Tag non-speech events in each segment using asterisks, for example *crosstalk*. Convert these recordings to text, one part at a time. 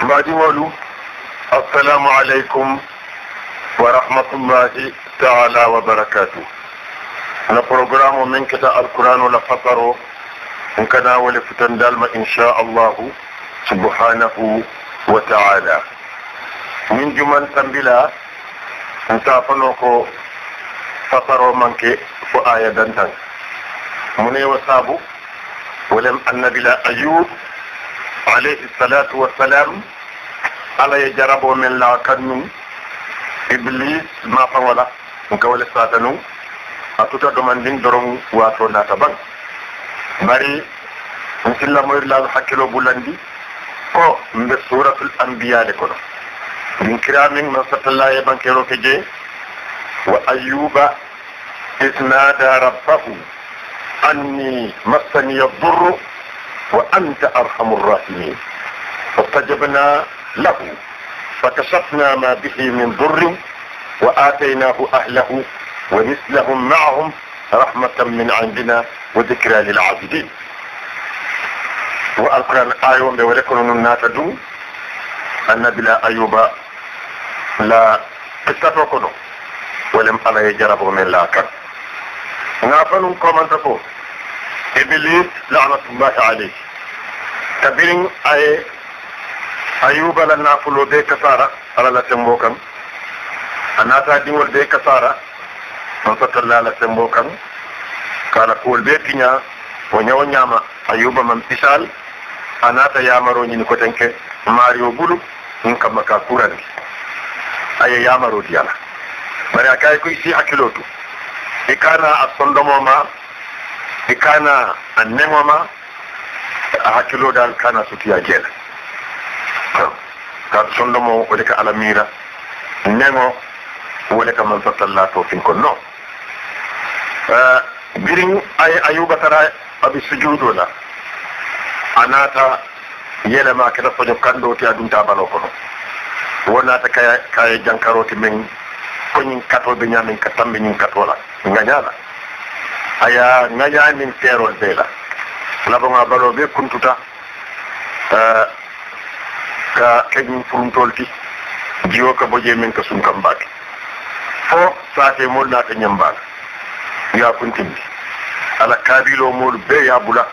بعدين قالوا السلام عليكم ورحمة الله تعالى وبركاته أنا برنامج من كتاب القرآن ولا فطره إن كان أول فتن دالما إن شاء الله سبحانه وتعالى من جمل تنبلا أنت أفنوكو فطر منك فآية دنتن من يوسابو ولم أن بلا أيوب عليه الصلاة والسلام على يجرب من لا كنو إبليس ما فولا مكوال ساتنو أتوتا دومان دين درون واتو ناتبان ماري مثل ما يرلا الحكي لو بولاندي كو من سورة الأنبياء لكنا من كرامين ما سات الله يبان كيرو كجي وأيوب إذ نادى ربه أني مسني الضر وأنت أرحم الراحمين فاستجبنا له فكشفنا ما به من ضر وآتيناه أهله ومثلهم معهم رحمة من عندنا وذكرى للعابدين والقرآن آية ولكن الناتج أن بلا أيوب لا قصة ولم أنا يجربوا من لا كان نافن كومنتكو iblis la'natullahi alayh kabirin aye ayuba la nafulo be kasara ala la sembo kan anata dingol be kasara on sotalla la sembo kan kala kuwol be piña o ñawo ñama ayuba man pisal anata yamaro ñini kotenke mario bulu in kamma ka kurandi aye yamaro di ala bari a kayi koy si hakkilotu i kana a sondomoma si kana a nemoma a hakkiloɗal kana sotiya jeeɗa ka sondomo woɗe ka ala mira nego woɗe ka mansatallah to fin kon non eh, birin ay ayubatara aɓi sujudo la a nata yelema keɗa soño kanɗo ti a dumta balo kono wonata kaye kaye jankaroti min koñin katoɓe ñamin ka tamɓe ñin katola gañala aya ŋaña min feerol bee la labaŋa ă, baloo be kuntuta ka keñum furuntol ti jiwo ka boje min ka sun kam baake fo saate mol naata ñambaala ya kuntindi ala kaabiloo moolu bee yaabula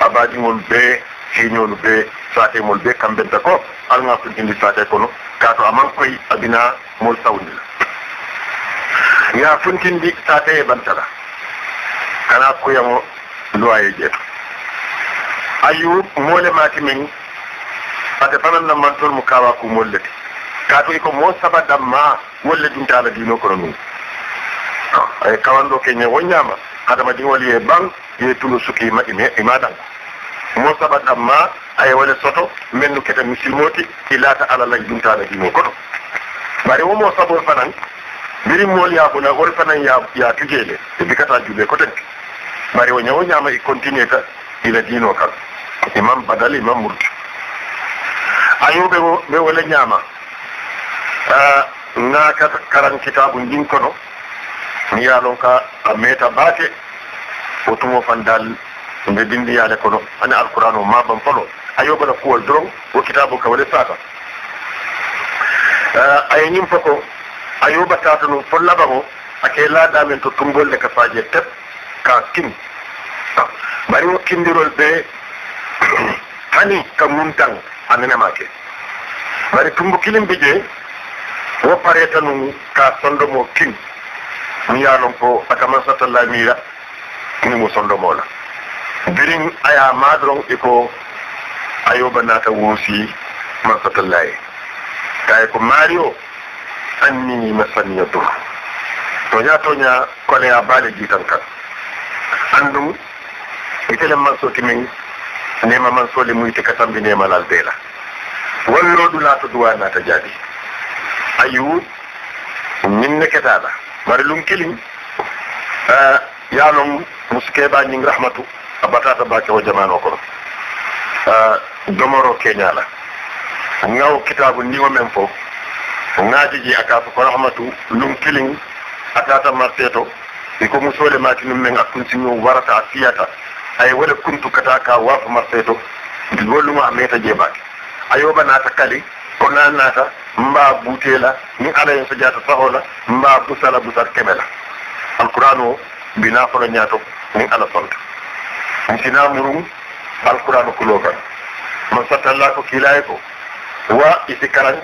abaadiŋolu bee heeñoolu bee saateemolu bee kamɓenta ko alŋa kuntindi saate kono kaa to aman koy abina mol sawndi la ya funtindi saate e bantala kana kuyamo luwaye jeet ayub molemaati men fade fanan na mantol mo kawa ku mollete kaatoy ko mo sabadamma wolle ɗinta ala dino kono ɗum e kawanɗo keñe wo ñaama adama ɗin wali ye ban ye tulo suki imaɗan mo sabadamma aye wale soto mennu kete musilmoti i laata alalay ɗinta ala dino koto bari womo sabo fanan mbirin mool yaabona ori fanan ya tujeele e bikata julee ko tenke bari o ñawoñama e continueta ila diino kan imam badal imam murtu ayoɓe o ɓe wole ñama nga karan kitabu ndin kono mi yaalon ka a meta baake o tumo fan dal mbe bindiyale kono ani alquran o maban fano ayoɓana kuwol doron wo kitabu ka wole sata aye ñim fo ko ayoɓa tata no fo laɓa o ake laaɗamen to tumbolde ka faaje tep ka kin bari wo kindirol ɓe *clears throat* hani ka mum tan anenamake bari tumbu kilimbi je wo pareta num ka sondomo kin mi yalon ko akamansatalla mira nimo sondomola birin aya madron iko ayoba nata wosi mansatallaye kaye ko mario anni masaniya dur toña toña koleya baale jiitan kan andum itele mansoti min nema mansoli muyti ka tambi nemalal beela walloɗu laato duwa ta jaabi ayiwu min ne da mari lum kilim eh, muske ba ñing rahmatu a batata bake o jamano kono eh, domoro la. ngaw kitabu ni ndiwo men fo. ŋaajiji ji aka ko rahmatu lum kilim a tata marteto iko musole matinum men akkunsiño warata a fiyata ay wala kuntu kata ka wafa marseto golluma a meta jeɓaki ayoba ta kali ko na ta mba la ni ala hen so jaata sahola mba busala busar keɓela alqouran o bina folo ñaato ni ala sonta mi sinamurum alqouran o kulo kan man sattalla ko kilay ko wa isi karan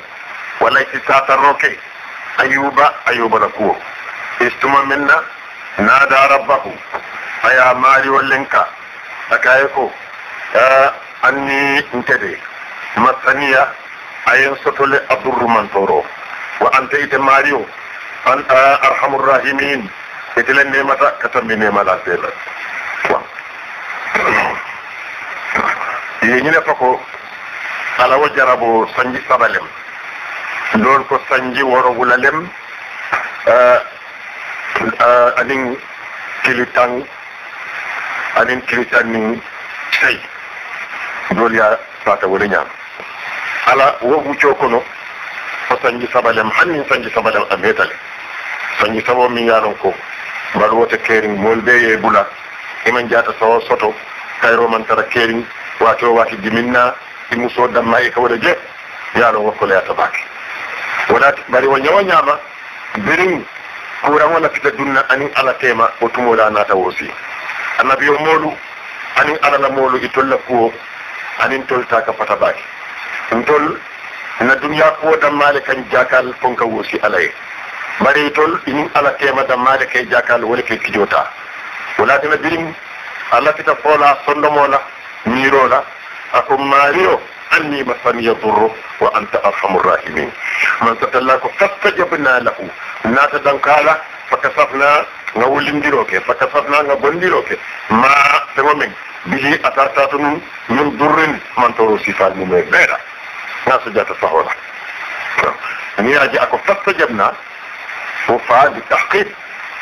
walla isi roke ayuba ayuba na kuwo istuma minna نادى ربه أيا ماري ولنكا أكايكو أني انتدي مسانية أين ستولي أضر من تورو وأنت إيت ماريو أن أرحم الراحمين إتلن نيمة كتنبي نيمة لا تيلا yi ñu ne fa ko alawo jarabo sanji sabalem lool ko anin kilitan anin kilitan ni sai dole ya fata wurin ya ala wo wuce kono ko sanji sabalem hannin sanji sabalem a metal sanji sabo min yaron ko baro wata kerin molbe ye bula iman jata sawo soto kairo man tara kerin wato wati diminna i muso damma e kawada je yaron wakko le ya tabaki wala bari wonya wonya ma birin furan wala fita dunna anin ala tema o tumola nata wosi annabi yo molu anin ala la molu i tolla kuwo anin tolta ka fata baki ɗum tol na duniya kuwo dammale kan jakal fonka wosi ala ye bari tol inin ala tema dammale kay jakal wala kay kijota walatina birim alla fita fola sondomola mirola ako mario أني مسني الضر وأنت أرحم الراحمين من تتلاك فاستجبنا له ناتا دنكالا فكسفنا نولنديروك فكسفنا نبنديروك ما تمامين به أتاتاتن من ضر من تروسي فالمومي بيرا ناس جات الصحورة أجي أكو فاستجبنا وفا بالتحقيق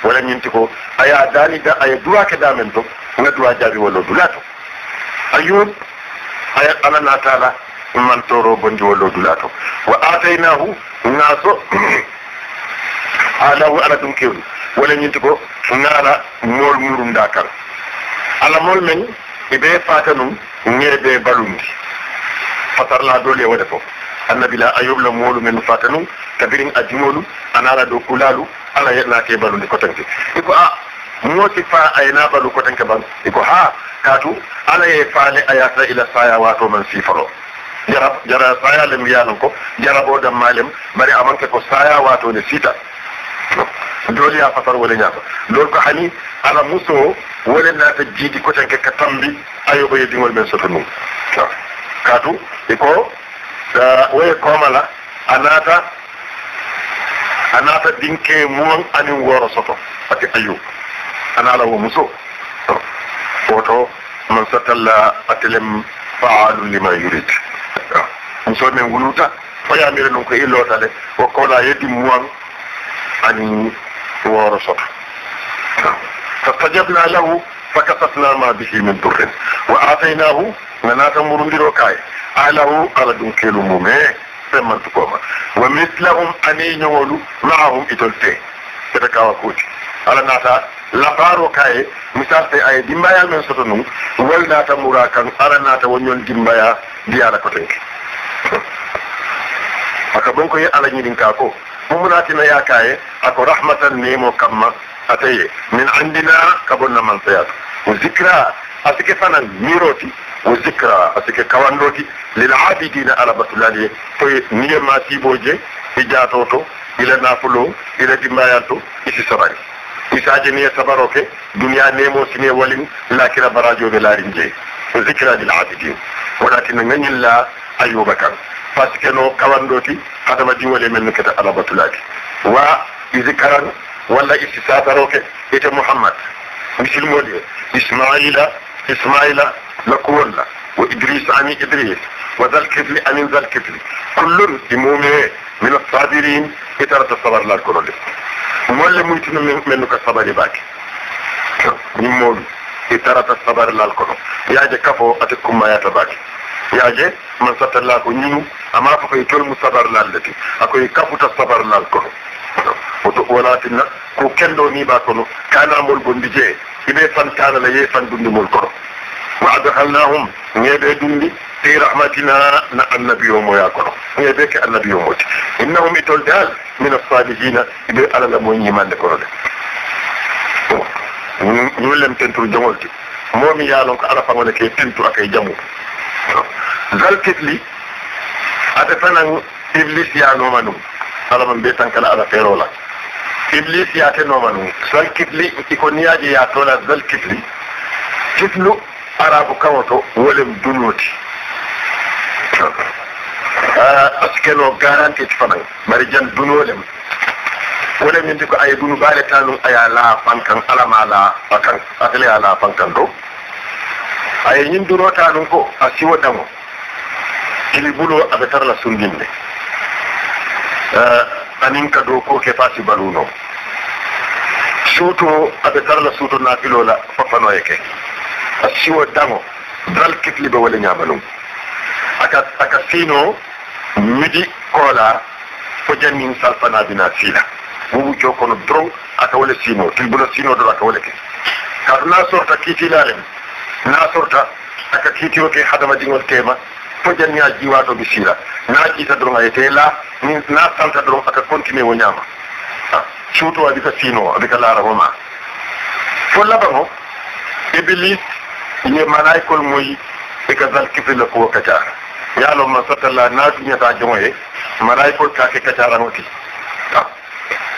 ولم ينتهوا أيا داني دا أيا دواك دامن دو ندوا جاري ولو دولاتو أيوب ayat ala la taala man toro bonjo wallo dulato wa naso ala wa ala dum kewu wala ñinti ko ngaala mol murum da kan ala mol men ibe fata num ñebe fatar la dole wade fof annabi la ayobla molu men fatanum tabirin ajmolu a anala do kulalu ala yetnake balundi tanke iko a moti fa ayna balu ko tanke ban iko ha kaatu ala ye faale ayata ila saya wato man sifaro jarab jara saya lem yalan ko jarabo dam malem bari amanke ko saya wato ne sita dole ya fasar wala nyaaka lol ko hani ala muso wala na ta jidi ko tanke ka tambi ayo be dingol men soto mum kaatu e ko da waye komala anata anata dinke muwan anin woro soto ati ayo anala wo muso فوتو من ستلا اتلم فعال لما يريد ان سو من غلوتا فيا مير نون كاي لوتا دي وكولا يدي موان اني وورو سوت فتجبنا له فكفتنا ما به من ضر واعطيناه لنا تمر ديرو كاي علىه على دنكيلو مومي سمرت كوما ومثلهم اني نولو معهم اتلتي كتكاوا كوتي على ناتا laɓaaro kaye misal te aye dimbaya men soto num wal naata mura kan ara naata wonñon dimbaya ndiyala kotenke *laughs* aka bon ko ala ñiɗin ka ko mumunatina ya kaye ako rahmatan nemo kamma ataye min andina ka bonna man sayatu o zicra asike fanan miroti o zicra asike kawandoti lil abidina alabatulali koye niyema siboje e jatoto ila nafulo ila dimbayanto isi sabari تساجي نية سبروك دنيا نيمو سنية ولن لكن براجو دي لارين ذكرى للعابدين ولكن من الله أيوبك فاس كنو قوان دوتي قدم من نكتا ألبط لك و ذكرى ولا إستساط روك محمد مثل مولي إسماعيل إسماعيل لكوالا وإدريس عمي إدريس وذل كفلي أمين ذل كفلي كل المؤمنين من الصابرين يترى رتصبر لك كل molle muy tinu men ko sabari baki ni modu e tarata sabar lal kono yaaje kafo ate kumma yata baki yaaje man satalla ko ñinu ama fa koy tol mu sabar lal lati akoy kafuta sabar lal kono oto walatinna ko kendo ni ba kono kana mol bondi je ibe fan kana la ye fan dundi mol kono wa adhalnahum ngebe dundi سي رحمتنا نا النبي يوم ياكل هي بك النبي يوم انهم يتولدال من الصالحين دي على لمون يمان دكور دي نقول لهم تنتو جمولتي مومي يالونك على فما لكي تنتو اكي جمو ذل كتلي اتفانا ابليس يا نومانو على من بيتان كلا على فيرولا ابليس يا تنومانو ذل كتلي يكون ياجي يا تولا ذل كتلي كتلو عربو كوتو ولم دنوتي sure ah, parce que no garanti fana mari jan dunolem wala min ko ay dunu bare tanu aya la fankan alama la fankan atale ala fankan do ay nyin duro tanu ko asiwo damo ili bulo abe tarla sundinde anin ka do ko ke fasi baluno suuto aɓe tarla suuto naafilola fofano yeke a siwo dango dal kifliɓe wala ñama ɗum a ka seno midi kɔ la fo jɛ min salfa n'a bɛna si la mun b'u jɔ kɔnɔ dɔrɔn a ka wale sino k'i bolo sino dɔrɔn a ka wale kɛ kadu n'a sɔrɔta kiiti la lɛ n'a sɔrɔta a ka kiiti o kɛ hadamaden o tɛma fo jɛ ni jiwa dɔ bi si n'a jita dɔrɔn a ye ni n'a salta dɔrɔn a ka o ɲama suto a sino a bi ka fo laban o ibilis ye malaikol moyi i ka zalikifila kuwo ka ya lo masatalla na dunyata jomo ye malaiko ka ke kacaran wati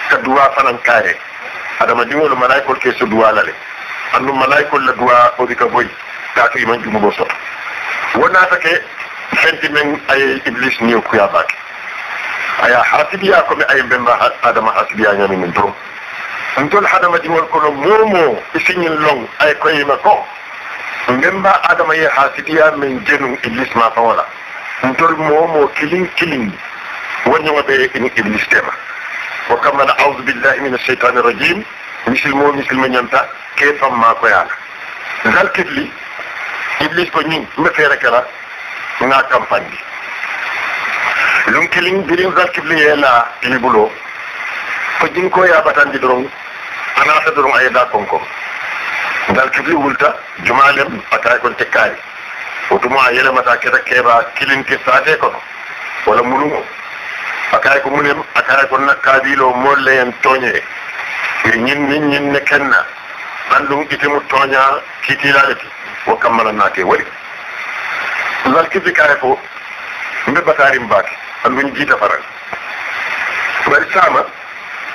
ka duwa fanan kare adama dimolu malaiko ke su duwa lale annu malaiko la duwa o dika boy ka to iman jumu bo so wona ta ke fenti men ay iblis ni ku ya bak aya hasibiya ko mi ay bemba adama hasibiya nyami min to ntol hadama dimol ko no momo isinyin long ay koyima ko bemba adama ye hasibiya min jenu iblis ma fa wala ntori mo mo kilin kilin wonyo be in iblis tema wa kama na a'udhu billahi minash shaitani rajim misil mo misil ma nyanta ke fam ma ko yala dal kitli iblis ko nyi me fere kala na campagne lum kilin birin dal kitli yela libulo ko jin ko ya batandi doron ana ta doron ayda konko dal kitli wulta jumalem atay kon tekkaari وتما يلا متى كذا كيرا كلين كساتي كنا ولا ملوم أكاي كمون أكاي كنا كابيلو مولع انتوني ينين ينين نكنا بندون إتمو تونيا كيتي لالتي وكملنا ناكي ولي لال كيبي كاي فو مبتاري باك ألوين جيتا فرق bari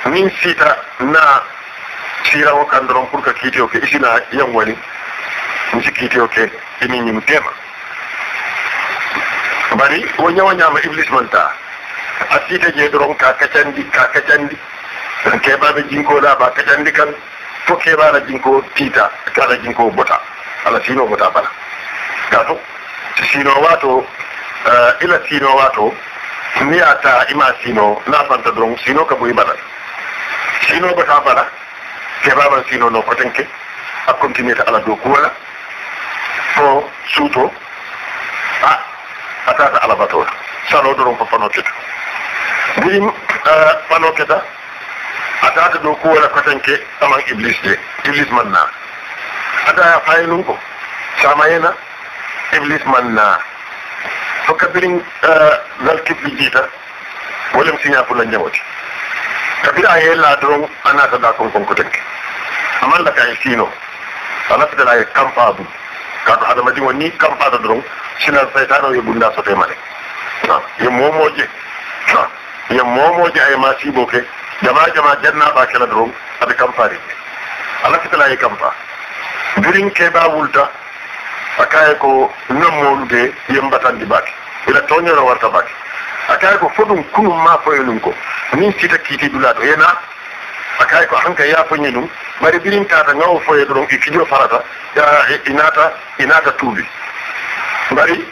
نين سيتا نا na وكان kan doron pour ka kitiyo ke isina yan msikiti wote dini ni mtema bari wo nyawa nyama iblis man ta asite je doron ka kacandi ka kacandi ke babe jinko da ba kacandi kan to ke bara jinko tita kala jinko bota ala sino bota bala kato sino wato uh, ila sino wato ni ata ima sino na fanta doron sino ka boy bala sino bota bala ke baban sino no potenke akontinita ala do kuwala fo suuto a a tata alabatoo saloo doron fo fanoo keta ndin fanoo keta a tata dow kuwola kotenke aman iblis de iblis man naa ada faye nun ko samayena iblis man naa fo kabirin nal kibbi jiita wolem siñaa fu la njawoti kabir a yella doron a naata da konkon ko tenke aman laka e siino a laftata e campable kaɗo hadamadiŋo niŋ kampata doroŋ sinal saytano ye bunda sote male ye momo je ye momoje je aye ma sibo ke jama jama ba jannaɓa kela doroŋ aɓe kampari je ala fitala ye kampa ke ba wulta a kaye ko nammolu de ye di baake ila toñoro warta baki a kaye ko fo ɗum kunum ma foye ɗum ko min sita kiiti dulato yena akai ko hanka ya fanyi dum mari birin ta ta ngawo foye dum e kijo farata ya inata inata tubi bari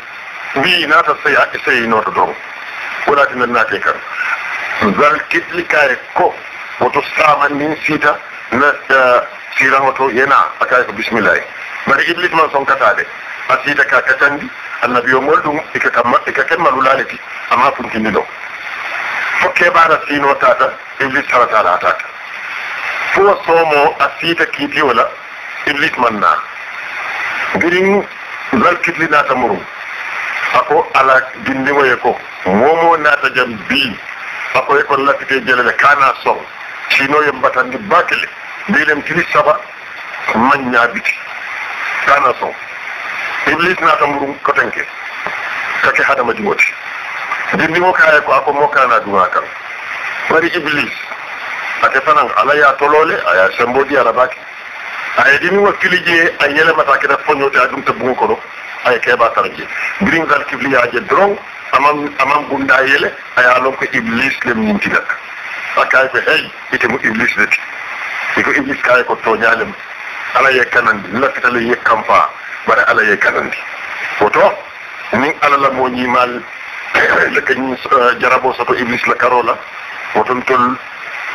wi inata sai a sai no to dum wala tin na te kan zal kitli kai ko wato saman min sita na siran wato yana akai ko bismillah mari iblis man son kata de asita ka katandi annabi yo moldum ika kamma ika kamma lulalati amma funkin do fokke bara sino tata iblis tara tara tata fuwa soomoo a siita kiitiyo la iblis man naa biriŋ zalkitli naata murum a ko ala dindiŋo ye ko moomoo naata jam bii a e ko ye ko lakite jele le kaa naa soŋ siinoo ye mbatandi baakele bii lem tili saba mañ ñaa biti kaa naa soŋ iblis naata murum kotenke ka ke hadama jumoti dindiŋo kaa ye ko a ko moo kaa naa duŋaa kaŋ bari iblis ate fanan ala ya tolole aya sembodi ara baki aye dimi wakkili je a mata kete foñote a ɗum te bugo kono aye keɓa tara je birin gal kibliyaje dron aman amam gunda yele aya lon ko iblis lem ñintiga a kay ko hey itemo iblis leti iko iblis kaye ko toñalem ala ye kanandi lakkitala ye kam fa bara ala ye kanandi foto nin ala lamoñimal laka *clears throat* eh, jarabo sato iblis la karola woton tol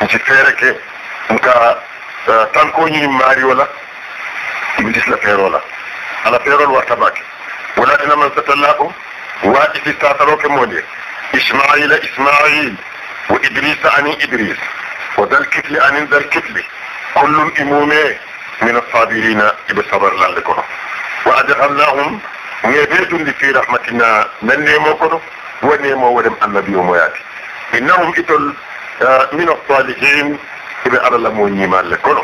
nci feere ke nka tanko ñiñi maari o la milisla feero la ala feerol warta baake walatina man satallahum waaɗifi sataroke moƴe ismaila ismail wo idrisa anin idris wo dal kitli anin dal kitli kullum imume min asabirina iɓe sabar lalle kono wa adhalnahum ñeɓeetundi fi rahmatina nan nemo kono wo nemo woɗem annabi o moyaati innahum itol mino salihin ibe ala la mo ñimalle kono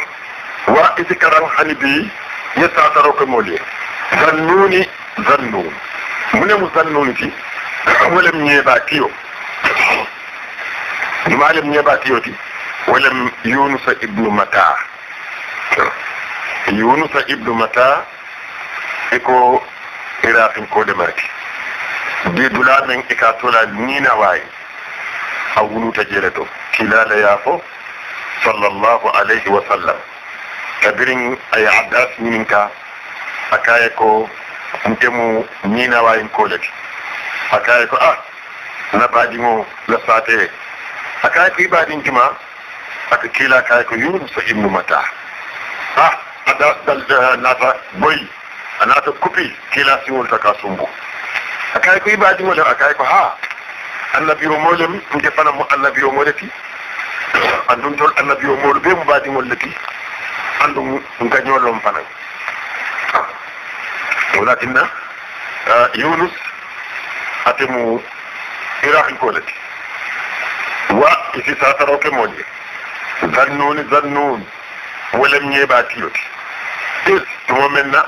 wa isi karan hani bi yettataro ko molie zannuni zannun munemu zannun ti wolem ñeeɓa tiyo jumalem ñeeɓa tiyo ti ولم يونس ابن متى يونس ابن متى اكو عراق كودمارك دي دولا من اكاتولا نينا واي ha wuluta jele to kilala ya fo sallallahu alaihi wa sallam kabirin ay abbas min ka akaye ko ntemu nina wa in kolek akaye ko ah na badimo la sate akaye ko ibadin juma aka kila akaye ko yunus ibn mata ah ada dal nata boy anata kupi kila siwol takasumbu akaye ko ibadin wala akaye ko ha النبي مولى من جبنا النبي مولتي عندهم جل النبي مول بيم بعد مولتي عندهم من كان يولهم فنا ولكننا آه، يونس أتمو إراح مولتي وا في ساتر أوكي مولي ذنون ذنون ولم يباتي يوتي إذ تمامنا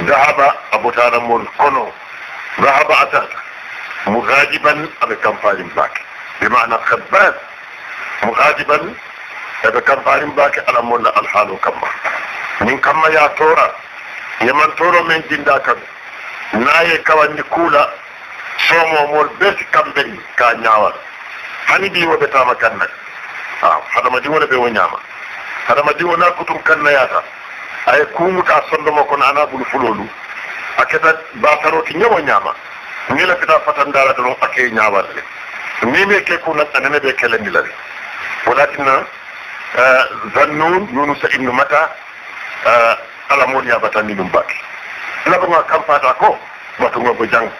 ذهب أبو تارمون كونو ذهب أتاتك مغاجبا ابكم فارم باك بمعنى خباز مغاجبا ابكم فارم باك الامون الحال كما من كما يا تورا يمن تورا من دين داك ناي كوان نكولا سومو مول بيت كامبري كانياوار هاني بي وبتا مكان نك آه، هذا ما ديونا بيو نياما هذا ما ديونا كتم كان ياتا اي كومو تا سندمو انا بول فلولو اكيتا باثارو نيو نياما ni la kita fatan dara do ake nyawal le ni me ke ko na tanene be kele ni la le walakinna eh, zannun sa ibn mata eh, ala mon ya batani dum bak la ko kam fata ko wato ngo ko jang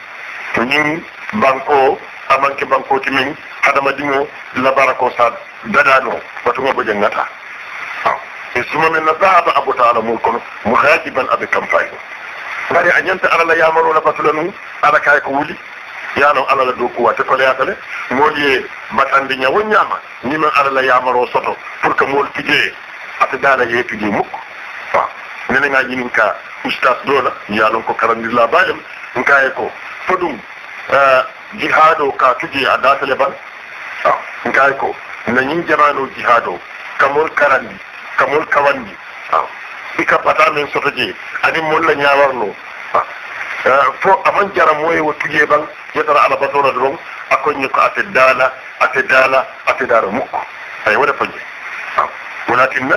to ni banko amanke banko min adama dingo la barako sa dadano to ngo ko jangata ah, e eh, suma men abu ta'ala mulkun kono muhajiban abi kam bari a ñanta ala la yamaru la fasul nu ala kay ko wuli yaalon ala la do ko ko dow mo tolayatale moolu ye batandi ñama ni ma ala la yamaru soto pour que moolu pijee at daala ye pijee mukk waaw nene nga ñu ka oustas doola yaalon ko karam ni la karandirla baƴam nkaye ko fodum jihaado ka tujee a daatale ban wa waaw nkaye ko na nañin jamano jihaado kamol karandi kamol kawandi waaw ika pata min soto je anin molla ñawarno fo aman jara moye wo tuje ban yetara alabatoro doron akonñi ko ate daala ate daala ate daara mukko ay wona foje wonatinna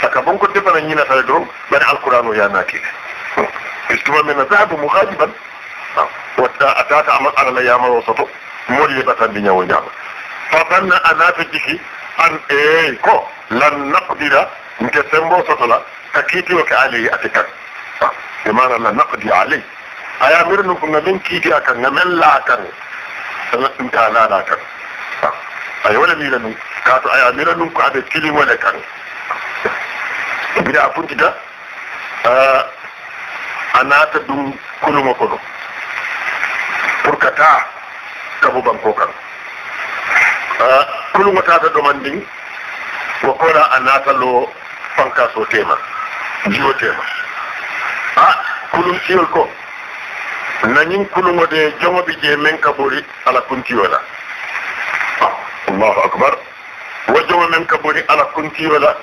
saka bonko defana ñinatare doron ɓaɗa alqouran o yanakile puisquema min zahabu muhajiban watta a tata aman alala yamaro soto moɗi yeɓatandi ñawo ñama fa banna a naata jiki an eey ko lan naqdira nte sembo sotola ka kiitiwo ke alayhi ate kan e mana la naqdi alayh aya mirnu ko ngamen kiiti a kan ngamen laa kan sanat ɗum ta laana kan ay wala mira num kato aya mira num ko aɓe tilimole kan mbiɗa puntita a naata ɗum kuluma kono pour que ta kabu banko kan kuluma tata ɗoman ndin wo kola a naatalo fankaso tema jiwo tema a kulumtiyol ko nañin kulumode jomoɓe je men ka ɓori ala kuntiyola allahu akbar wo jomo men ka ɓori ala kuntiyola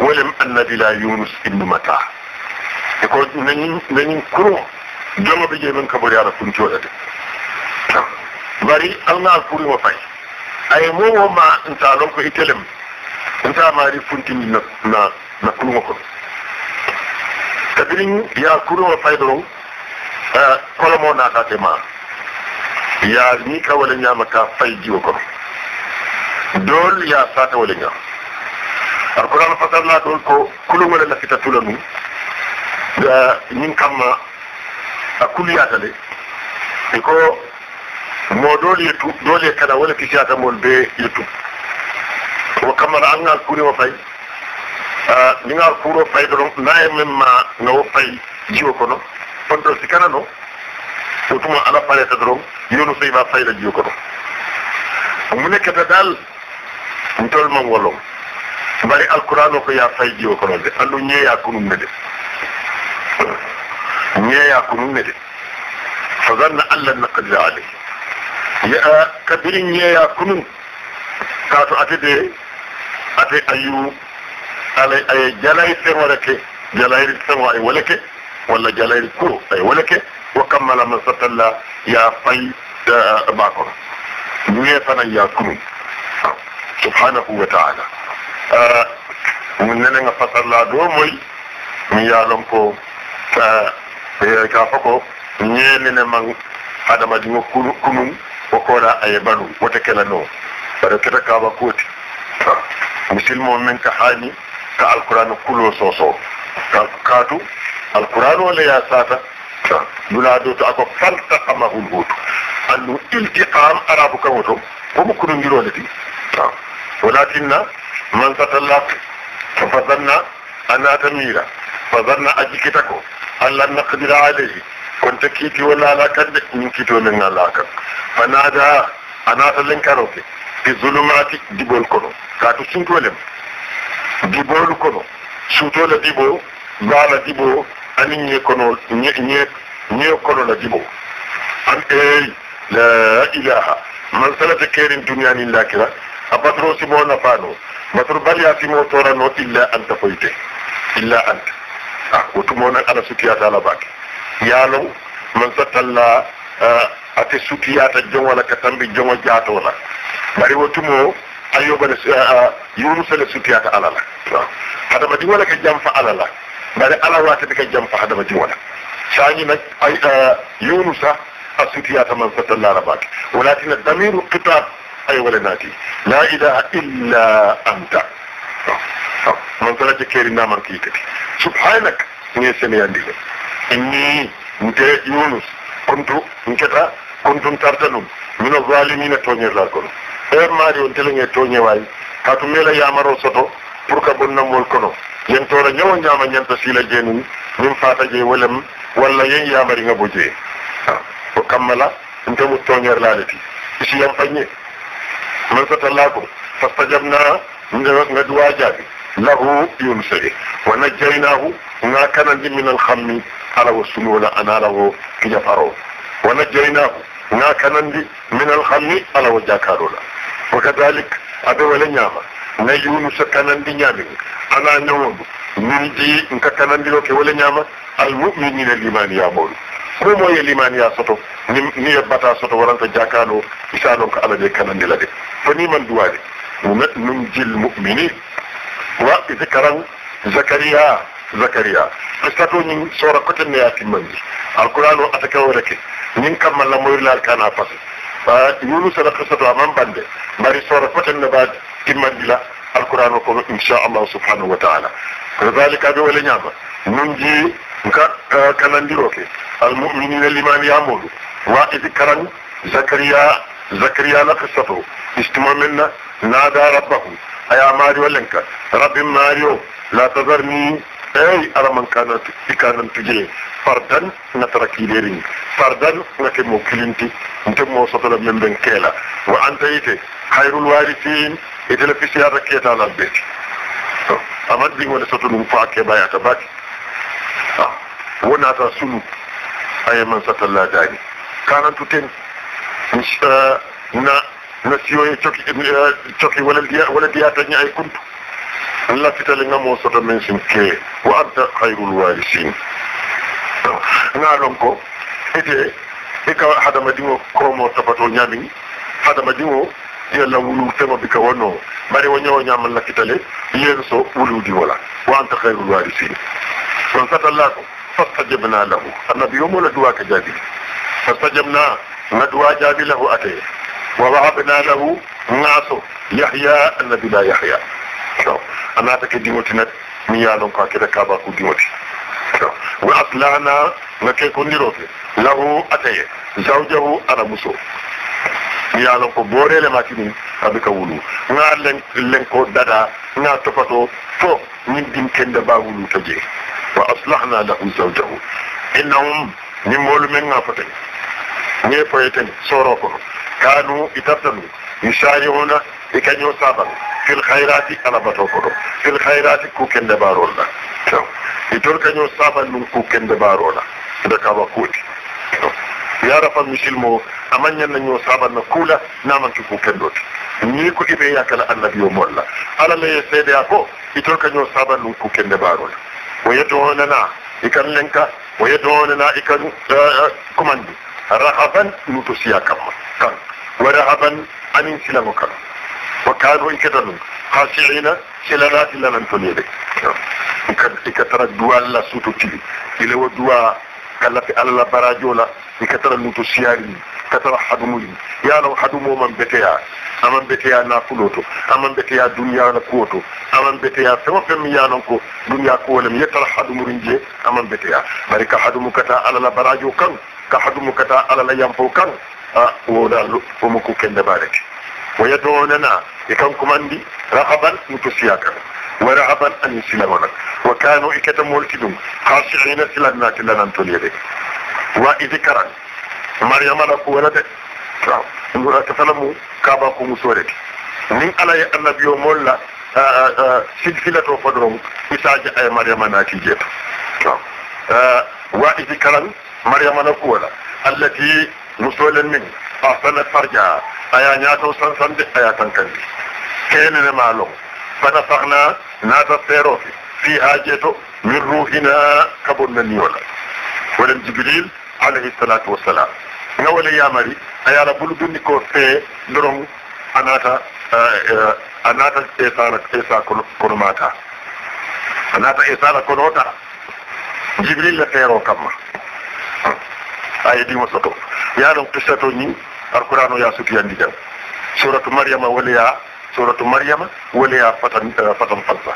wolem annabila yunus ibnu mata e ko nañin nañin kurum jomoɓe je men ka ɓori ala kuntiyola de bari alngal kurimo fay aye mowo ma nta lon ko itelem nta mari funtindi na nafuluŋo kono kabiriŋ ye a kuruŋo fayi doroŋ kolomo naata te ma ye a ñi ka wole ñaama ka fayi jiwo kono dool ye a saata wole ñaam alqur'an fasarna ɗon ko kuluŋole lafita tula nu ñiŋ kamma a kuliyata le e ko mo doolu ye tu doolu ye kana wole kisiyata moolu bee ye tu wo kammara alŋaal kuriŋo fayi ni ngar kuro fay do na e mem ma no fay jiwo ko no fondo si kana no to tuma ala pare ta do yonu sey ba fay la jiwo ko no mu nekk ta dal ntol ma wolo bari alquran ko ya fay jiwo ko no de andu ñe ya kunum ne de ñe ya kunum ne de fa zanna alla na qadra alayhi ya kabirin ñe ya kunum kaatu atede ate ayu alay aye jalayri feŋole ke jalayri feŋo aye wala ke wala jalayri kuro aye wole ke wo kammala man satalla ya fay ba kono duye na ya kunu subhanahu wa taala min nene nga fasalla do moy mi yalon ko e, ka fo ko ñeenene man adamadiŋo kunum wo koora aye banu wote kela noo bara keta kaaba kooti musilme o men ka hani ta alkurano kulo soso ta katu alkurano le ya sata duna do to ako fanta kama hul hutu annu iltiqam arabu kamoto ko mu kuno ngiro lati walakinna man tatallaq fadanna anna tamira fadanna ajikita ko allah naqdir alayhi kunta kiti wala la kan min kito min allah kan fanada anata linkaro ke bi zulumati dibol kono katu sun tolem dibolu kono suutola dibo mbaala dibo ani ñe kono ñe ñe kono la dibo an eyi la ilaha man salata kerin duniyani lakira a batoro simo nafano batoro bariya simo torano illa anta foyte illa anta a wotumo nan ala sutiyata ala bake yaalow man sattalla ate sutiyata jongola ka tambi jongo jaatola bari wotumo ayyuba da yunus da sufiya ta alala hada madi wala ka jamfa alala bare alawa ta ka jamfa hada madi wala sani na yunusa a sufiya ta man fatan laraba walakin damiru qitab ay wala nati la ilaha illa anta man tara ke keri na man kikati subhanak ne sene yandile inni mute yunus kuntu nketa kuntum tartanum min zalimina tonyir la kono heer maari on teleŋe tooñe waawi hatu mela yamaro soto pour que bonnamol kono yen toora ñawo ñaama ñanta siila jeenum min faata jee walem walla yen yamari nga bo jee ko kammala ɗum temu tooñere laale ti isiyam fañe man satallaa ko fastajabna ndewa nga duwa jaabi lahu yunus e wa najjaynahu nga kanandi min alhammi ala wo sunola ana ala wo kijafaro wa najjaynahu nga kanandi min alhammi ala wo jakarola وكذلك أبي ولا نعمة نيونس كان دي نعمة أنا نوم من دي إنك كان دي لوك ولا نعمة المؤمنين الإيمان يا مولي ko moye limani ya soto ni ya bata soto waranta jakano isano ko ala de kanandi la de to ni man duwade num jil mu'minin wa zikran zakariya zakariya istato ni sora koten ne yati manji alqur'anu ataka warake nin kamalla moyla kana fasi yunus ala qissatu aman bande mari sora foten ne baade timmandila alqur'an ko inchallahu subhanahu wa taala ko dalika ɓe wala ñaama min ji ka kanandiroke almuminina limani yamoɗu waɗidi karan zacaria zacaria la qissato istimo men naada rabbahu aya maari o lenka rabbim maari o la tadarni ey alaman kana ikanan tuje fardan na tara kilerin fardan na ke mo kilinti nte mo sotola men ben kela wa anta ite khairul warithin ite la fisiyata keta la bet to amad dingo le sotu num faake ke baya ta baki ah, wona ta sunu ayaman satalla dani kanan tuten na na siyo choki eh, coki wala diya wala diya tanya ay kuntu لفت لنمو سطا من سنكي وأنت خير الوارثين نعلمكو إتي إكا حدا مدينو كرومو تفتو نيامي حدا مدينو yalla wulu tema bika wono bari wo ñoo ñamal la kitale yeen so wulu di wala wa anta khairul warisin kon satallako fastajabna lahu annabi yomo la duwa ka jabi fastajabna na duwa jabi lahu ate wa wahabna lahu nasu yahya annabi la yahya anata ke dimoti nat mi yalon ka kede kaba ku dimoti wa aslana na ke ko ndiroke lahu ataye zawjahu ala muso mi yalon ko borele ma kini abi ka wulu nga len len ko dada nga topato to min dim kende ba wulu to je wa aslahna lahu zawjahu innahum ni molu men nga foten ne foyeten soro ko kanu itaftalu yusharihuna ikanyo sabaru في الخيرات انا بتوفر في الخيرات كوكن دبارولا تو يتول كانو صافا نون كوكن دبارولا دا كابا كوت يا رب المسلم امان نيو نيو صافا نكولا نام كوكن دوت ني كو ايبي يا كلا النبي يوم الله على لي سيد يا كو يتول كانو صافا نون كوكن دبارولا ويدوننا يكن لنكا ويدوننا يكن كوماندي رحبا نوتو سيا كام كان ورحبا امين سلامو كام وكانوا انكتنوا خاشعين سلالات لمن تنيدي كترى الدواء لا سوتو تيلي إلى ودواء كلا في الله براجولا كترى نوتو سياري كترى حدموي يا لو حدمو من بتيا aman bete ya nafuloto aman bete ya duniya na koto aman bete ya sama fem ya nan ko duniya ko wala ya tar hadu murinje aman bete ya bari ka hadu mukata ala la barajo kan ka hadu mukata ala la yampo kan a woda wo mu ku kende bareke ويدعوننا يكون كماندي رغبا متسياكا ورغبا أن يسلمنا وكانوا إكتم والكدوم خاشعين سلامنا كلنا نتولي دي وإذ كران مريم لكو ولد نقول أتسلموا كاباكو مسورك من على النبي مولا silsila to fo ɗon isaji ay mariama naati jeeto wa idi kalan mariama no kuwola allati musolen min ahsanat farja aya ñaato sansande aya tankandi kenene maalo fana na ta fero fi hajeto min ruhina kabon naniyola wala jibril alayhi salatu wassalam nga wala yamari a yaala bulu dunni ko fee doron anata naata a naata esara ko kono mata anata naata esara kono ta jibril la fero kam kamma di mo soto yaaɗon qissa to ni القران يا سوتي اندي سوره مريم وليا سوره مريم وليا فتن آه، فتن فتن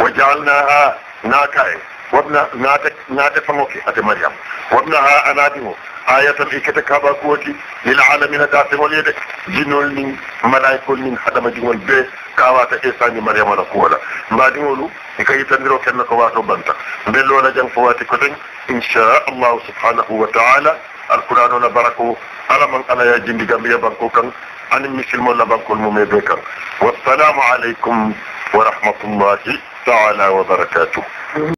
وجعلناها ناكاي وابن ناتك ناتك فموكي ات مريم وابنها انادمو آية في كتكابا قوتي للعالمين داتم وليد جنول من ملايكول من حدما جنول بي كاواتا إيساني مريم ونقوالا ما دنولو نكا يتنرو كنك واتو بانتا بلو لجن فواتي كتن إن شاء الله سبحانه وتعالى القرآن نبركو على من أنا يا جندي جنبي بانكو كان أنا مسلم ولا بانكو المميز والسلام عليكم ورحمة الله تعالى وبركاته